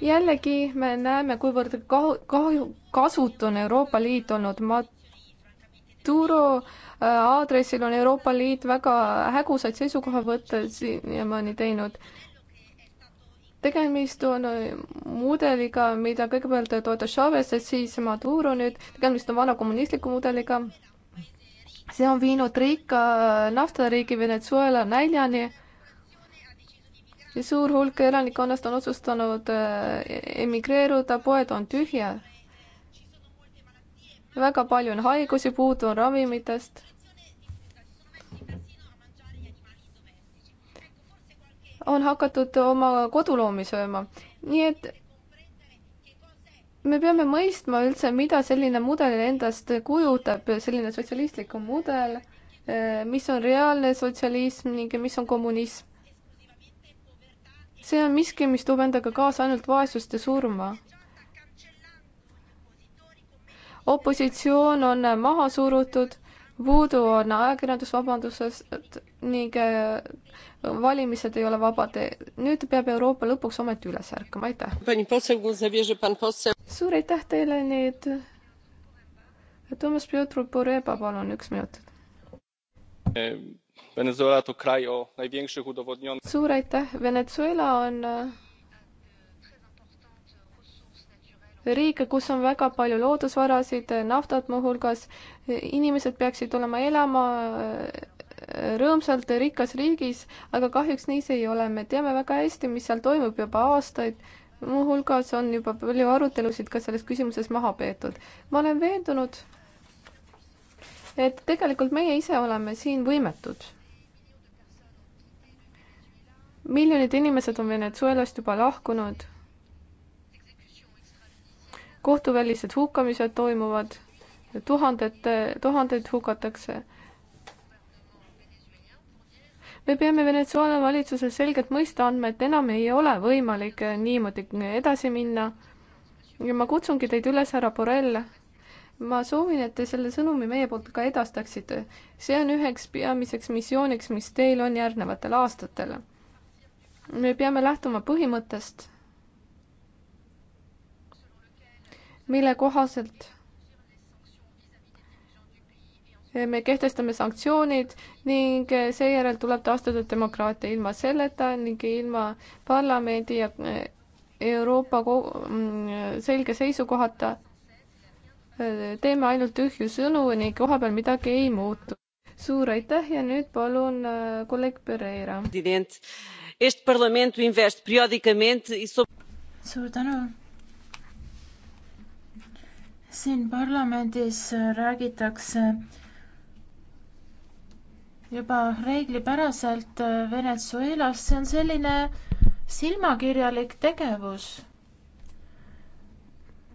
jällegi me näeme, kuivõrd kahu, kahju, kasutu on Euroopa Liit olnud. Maduro äh, aadressil on Euroopa Liit väga hägusaid seisukohavõtte siiamaani teinud tegemist on äh, mudeliga, mida kõigepealt toetas Chavez, siis Maduro nüüd, tegemist on vana kommunistliku mudeliga. see on viinud rikka äh, naftariigi Venezuela näljani. suur hulk elanikkonnast on otsustanud äh, emigreeruda, poed on tühjad. väga palju on haigusi, puudu on ravimitest on hakatud oma koduloomi sööma. nii et me peame mõistma üldse, mida selline mudel endast kujutab, selline sotsialistlikum mudel, eh, mis on reaalne sotsialism ning mis on kommunism. see on miski, mis toob endaga kaasa ainult vaesust ja surma. opositsioon on maha surutud, puudu on ajakirjandusvabadusest ning äh, valimised ei ole vabad. nüüd peab Euroopa lõpuks ometi üles ärkama, aitäh. suur aitäh teile nüüd. Toomas Piotr Poreba, palun, üks minut. Ehm, suur aitäh, Venezuela on äh, riike, kus on väga palju loodusvarasid, naftat muuhulgas, inimesed peaksid olema elama rõõmsalt rikas riigis, aga kahjuks nii see ei ole, me teame väga hästi, mis seal toimub juba aastaid, muuhulgas on juba palju arutelusid ka selles küsimuses maha peetud. ma olen veendunud, et tegelikult meie ise oleme siin võimetud. miljonid inimesed on Venezuelast juba lahkunud, kohtuvälised hukkamised toimuvad, tuhandete, tuhandeid hukatakse me peame Venezuela valitsusel selgelt mõista andma, et enam ei ole võimalik eh, niimoodi eh, edasi minna. ja ma kutsungi teid üles, härra Borrell, ma soovin, et te selle sõnumi meie poolt ka edastaksite. see on üheks peamiseks missiooniks, mis teil on järgnevatel aastatel. me peame lähtuma põhimõttest, mille kohaselt me kehtestame sanktsioonid ning seejärel tuleb taastada demokraatia ilma selleta ning ilma parlamendi ja eh, Euroopa mm, selge seisukohata teeme ainult tühju sõnu ning kohapeal midagi ei muutu. suur aitäh ja nüüd palun eh, kolleeg Pereira. E suur tänu siin parlamendis räägitakse juba reeglipäraselt äh, Venezuelas, see on selline silmakirjalik tegevus.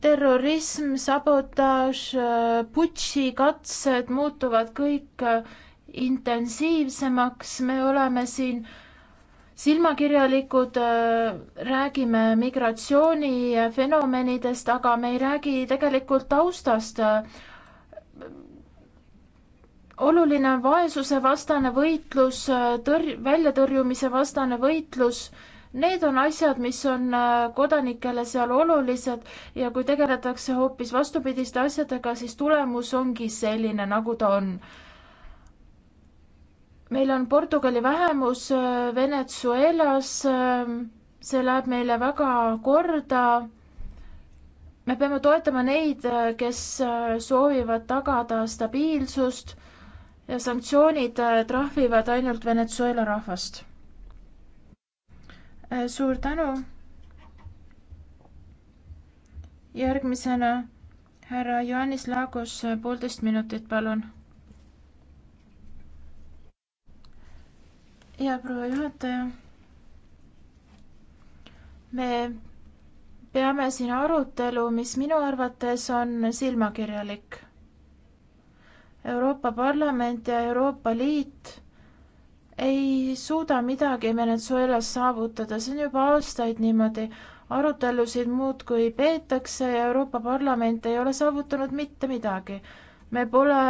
terrorism, sabotaaž, äh, putšikatsed muutuvad kõik äh, intensiivsemaks, me oleme siin silmakirjalikud, räägime migratsioonifenomenidest, aga me ei räägi tegelikult taustast oluline on vaesusevastane võitlus, tõr-, väljatõrjumise vastane võitlus, need on asjad, mis on äh, kodanikele seal olulised ja kui tegeletakse hoopis vastupidiste asjadega, siis tulemus ongi selline, nagu ta on. meil on Portugali vähemus äh, Venezuelas, äh, see läheb meile väga korda me peame toetama neid, kes soovivad tagada stabiilsust ja sanktsioonid äh, trahvivad ainult Venezuela rahvast. Äh, suur tänu. järgmisena härra Johannes Laagus, äh, poolteist minutit, palun. ja proua juhataja. me peame siin arutelu, mis minu arvates on silmakirjalik Euroopa Parlament ja Euroopa Liit ei suuda midagi Venezuelas saavutada, see on juba aastaid niimoodi. arutelusid muudkui peetakse ja Euroopa Parlament ei ole saavutanud mitte midagi. me pole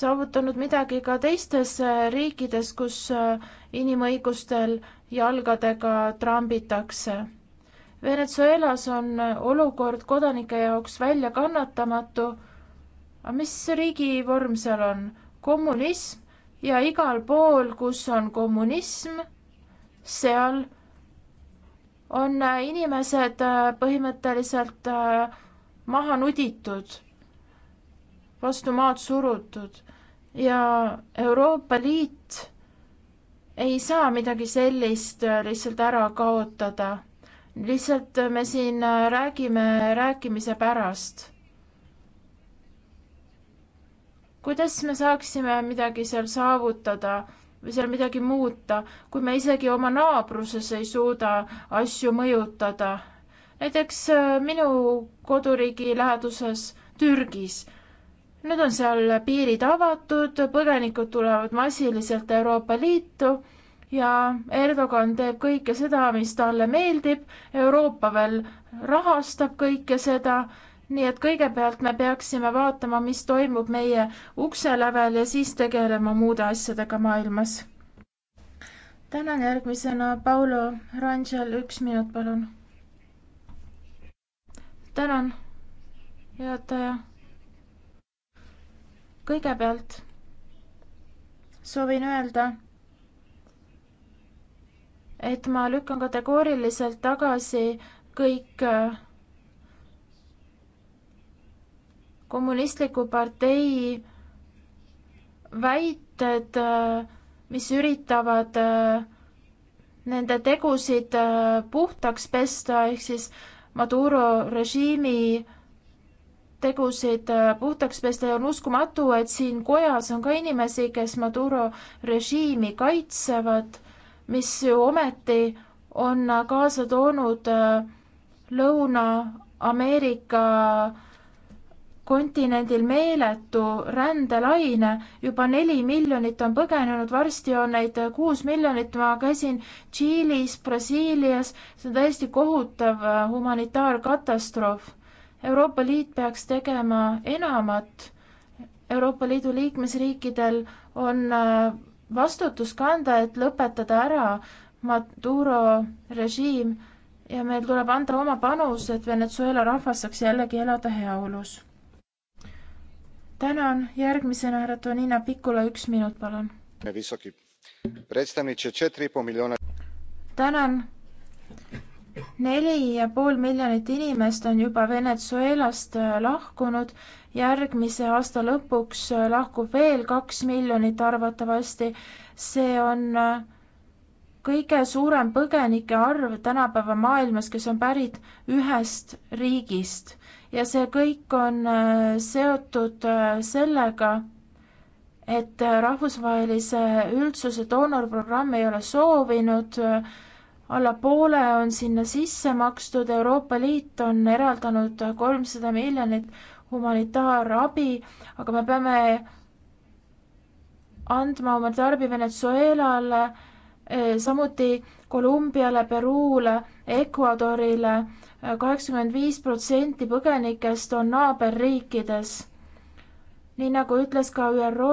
saavutanud midagi ka teistes riikides, kus äh, inimõigustel jalgadega trambitakse. Venezuelas on äh, olukord kodanike jaoks väljakannatamatu aga mis riigivorm seal on? kommunism ja igal pool, kus on kommunism, seal on äh, inimesed äh, põhimõtteliselt äh, maha nuditud, vastu maad surutud ja Euroopa Liit ei saa midagi sellist lihtsalt ära kaotada. lihtsalt me siin räägime rääkimise pärast kuidas me saaksime midagi seal saavutada või seal midagi muuta, kui me isegi oma naabruses ei suuda asju mõjutada? näiteks äh, minu koduriigi läheduses Türgis. nüüd on seal piirid avatud, põgenikud tulevad massiliselt Euroopa Liitu ja Erdogan teeb kõike seda, mis talle meeldib, Euroopa veel rahastab kõike seda nii et kõigepealt me peaksime vaatama, mis toimub meie ukse lävel ja siis tegelema muude asjadega maailmas. tänan järgmisena, Paulo Rangel, üks minut, palun. tänan, juhataja. kõigepealt soovin öelda, et ma lükkan kategooriliselt tagasi kõik äh, kommunistliku partei väited, mis üritavad äh, nende tegusid äh, puhtaks pesta, ehk siis Maduro režiimi tegusid äh, puhtaks pesta ja on uskumatu, et siin kojas on ka inimesi, kes Maduro režiimi kaitsevad, mis ju ometi on kaasa toonud Lõuna-Ameerika kontinendil meeletu rändelaine, juba neli miljonit on põgenenud, varsti on neid kuus miljonit, ma käisin Tšiilis, Brasiilias, see on täiesti kohutav äh, humanitaarkatastroof. Euroopa Liit peaks tegema enamat. Euroopa Liidu liikmesriikidel on äh, vastutus kanda, et lõpetada ära Maduro režiim ja meil tuleb anda oma panus, et Venezuela rahvas saaks jällegi elada heaolus tänan, järgmisena härra Tonina Pikula, üks minut, palun. tänan. neli ja pool miljonit inimest on juba Venezuelast äh, lahkunud, järgmise aasta lõpuks äh, lahkub veel kaks miljonit arvatavasti. see on äh, kõige suurem põgenike arv tänapäeva maailmas, kes on pärit ühest riigist ja see kõik on äh, seotud äh, sellega, et äh, rahvusvahelise üldsuse doonorprogramm ei ole soovinud alla poole on sinna sisse makstud, Euroopa Liit on eraldanud kolmsada miljonit humanitaarabi, aga me peame andma oma tarbi Venezuelale Eh, samuti Kolumbiale, Peruule, Ecuadorile. Eh, kaheksakümmend viis protsenti põgenikest on naaberriikides. nii nagu ütles ka ÜRO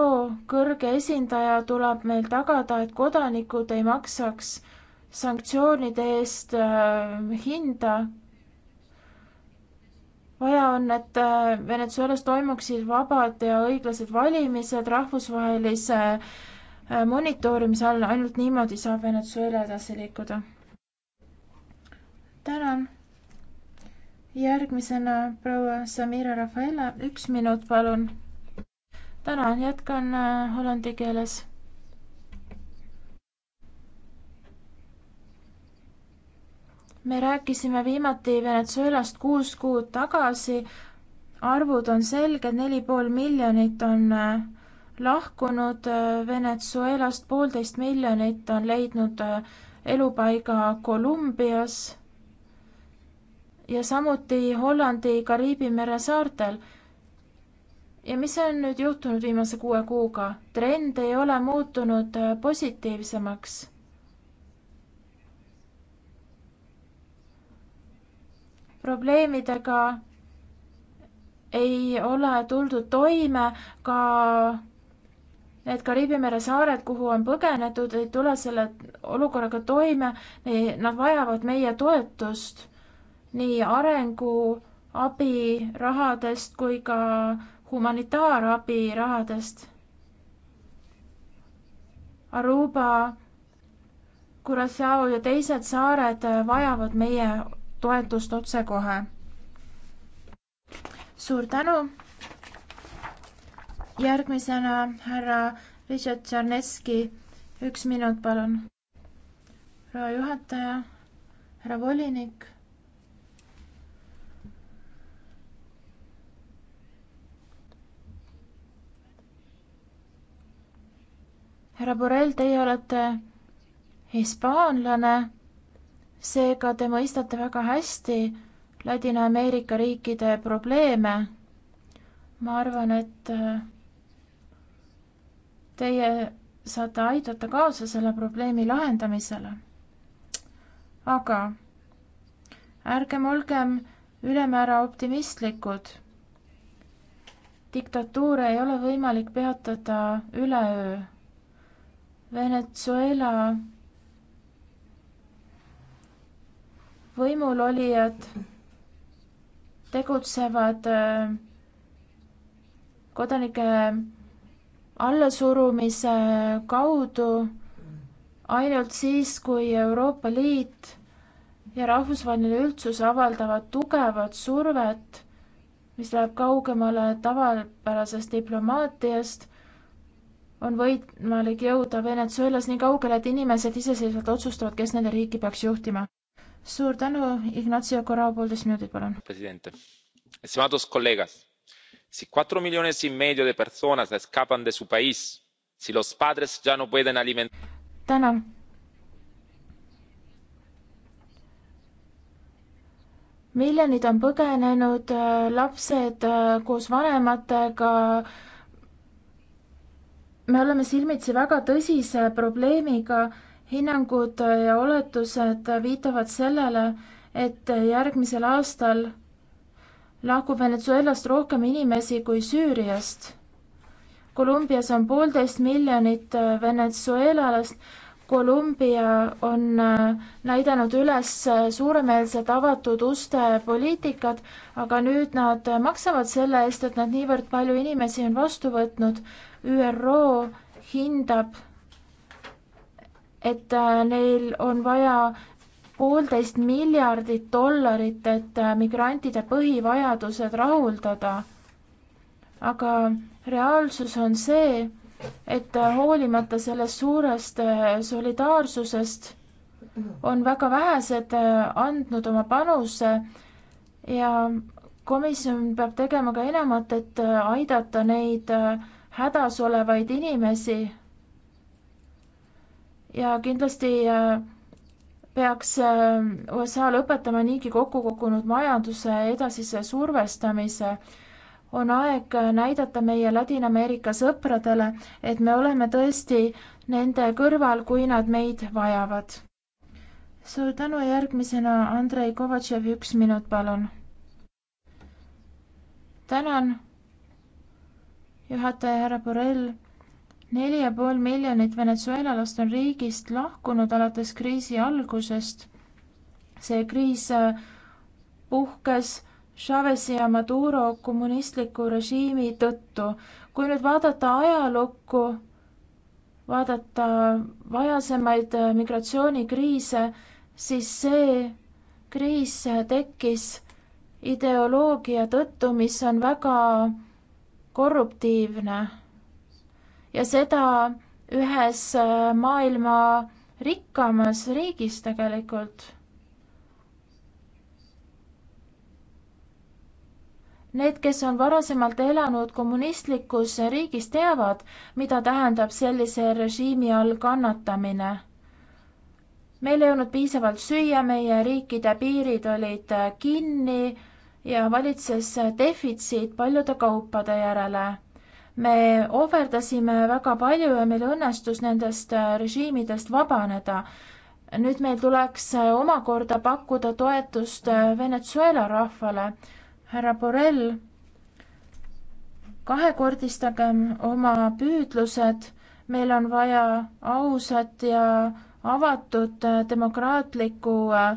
kõrge esindaja, tuleb meil tagada, et kodanikud ei maksaks sanktsioonide eest eh, hinda. vaja on, et Venezuelas toimuksid vabad ja õiglased valimised rahvusvahelise äh, Äh, monitoorimise all, ainult niimoodi saab Venezuela edasi liikuda. tänan. järgmisena proua Samira Rafaela, üks minut, palun. tänan, jätkan äh, hollandi keeles. me rääkisime viimati Venezuelast kuus kuud tagasi. arvud on selged, neli pool miljonit on äh, lahkunud äh, Venezuelast, poolteist miljonit on leidnud äh, elupaiga Kolumbias ja samuti Hollandi Kariibi mere saartel. ja mis on nüüd juhtunud viimase kuue kuuga? trend ei ole muutunud äh, positiivsemaks. probleemidega ei ole tuldud toime ka Need Kariibi mere saared, kuhu on põgenetud, ei tule selle olukorraga toime, nad vajavad meie toetust nii arenguabirahadest kui ka humanitaarabirahadest. Aruba, Curaçao ja teised saared vajavad meie toetust otsekohe. suur tänu järgmisena härra Richard Czarneski, üks minut, palun. proua juhataja, härra volinik. härra Borrell, teie olete hispaanlane, seega te mõistate väga hästi Ladina-Ameerika riikide probleeme. ma arvan, et äh, Teie saate aidata kaasa selle probleemi lahendamisele. aga ärgem olgem ülemäära optimistlikud. diktatuure ei ole võimalik peatada üleöö. Venezuela võimulolijad tegutsevad äh, kodanike allasurumise kaudu ainult siis, kui Euroopa Liit ja rahvusvaheline üldsus avaldavad tugevat survet, mis läheb kaugemale tavapärasest diplomaatiast, on võimalik jõuda Venezuelas nii kaugele, et inimesed iseseisvalt otsustavad, kes nende riiki peaks juhtima. suur tänu, Ignacio Corao, poolteist minutit, palun. president, estimados colegas si cuatro millones y medio de personas escapan de su país si los padres ya no pueden alimentar. tänan. miljonid on põgenenud, äh, lapsed äh, koos vanematega. me oleme silmitsi väga tõsise probleemiga. hinnangud ja oletused viitavad sellele, et järgmisel aastal lahkub Venezuelast rohkem inimesi kui Süüriast. Kolumbias on poolteist miljonit äh, venezuelalast. Kolumbia on äh, näidanud üles äh, suuremeelset avatud uste poliitikat, aga nüüd nad maksavad selle eest, et nad niivõrd palju inimesi on vastu võtnud. ÜRO hindab, et neil on vaja poolteist miljardit dollarit, et äh, migrantide põhivajadused rahuldada. aga reaalsus on see, et äh, hoolimata sellest suurest äh, solidaarsusest on väga vähesed andnud oma panuse ja komisjon peab tegema ka enamat, et aidata neid hädas olevaid inimesi. ja kindlasti äh, peaks äh, USA lõpetama niigi kokku kukkunud majanduse edasise survestamise. on aeg näidata meie Ladina-Ameerika sõpradele, et me oleme tõesti nende kõrval, kui nad meid vajavad. suur tänu, järgmisena Andrei Kovatšev, üks minut, palun. tänan, juhataja härra Borrell neli ja pool miljonit venezuelalast on riigist lahkunud alates kriisi algusest. see kriis puhkes äh, Chavez'i ja Maduro kommunistliku režiimi tõttu. kui nüüd vaadata ajalukku, vaadata vajasemaid äh, migratsioonikriise, siis see kriis tekkis ideoloogia tõttu, mis on väga korruptiivne ja seda ühes äh, maailma rikkamas riigis tegelikult. Need, kes on varasemalt elanud kommunistlikus riigis, teavad, mida tähendab sellise režiimi all kannatamine. meil ei olnud piisavalt süüa, meie riikide piirid olid äh, kinni ja valitses äh, defitsiit paljude kaupade järele me ohverdasime väga palju ja meil õnnestus nendest äh, režiimidest vabaneda. nüüd meil tuleks äh, omakorda pakkuda toetust äh, Venezuela rahvale. härra Borrell, kahekordistagem oma püüdlused, meil on vaja ausat ja avatud demokraatlikku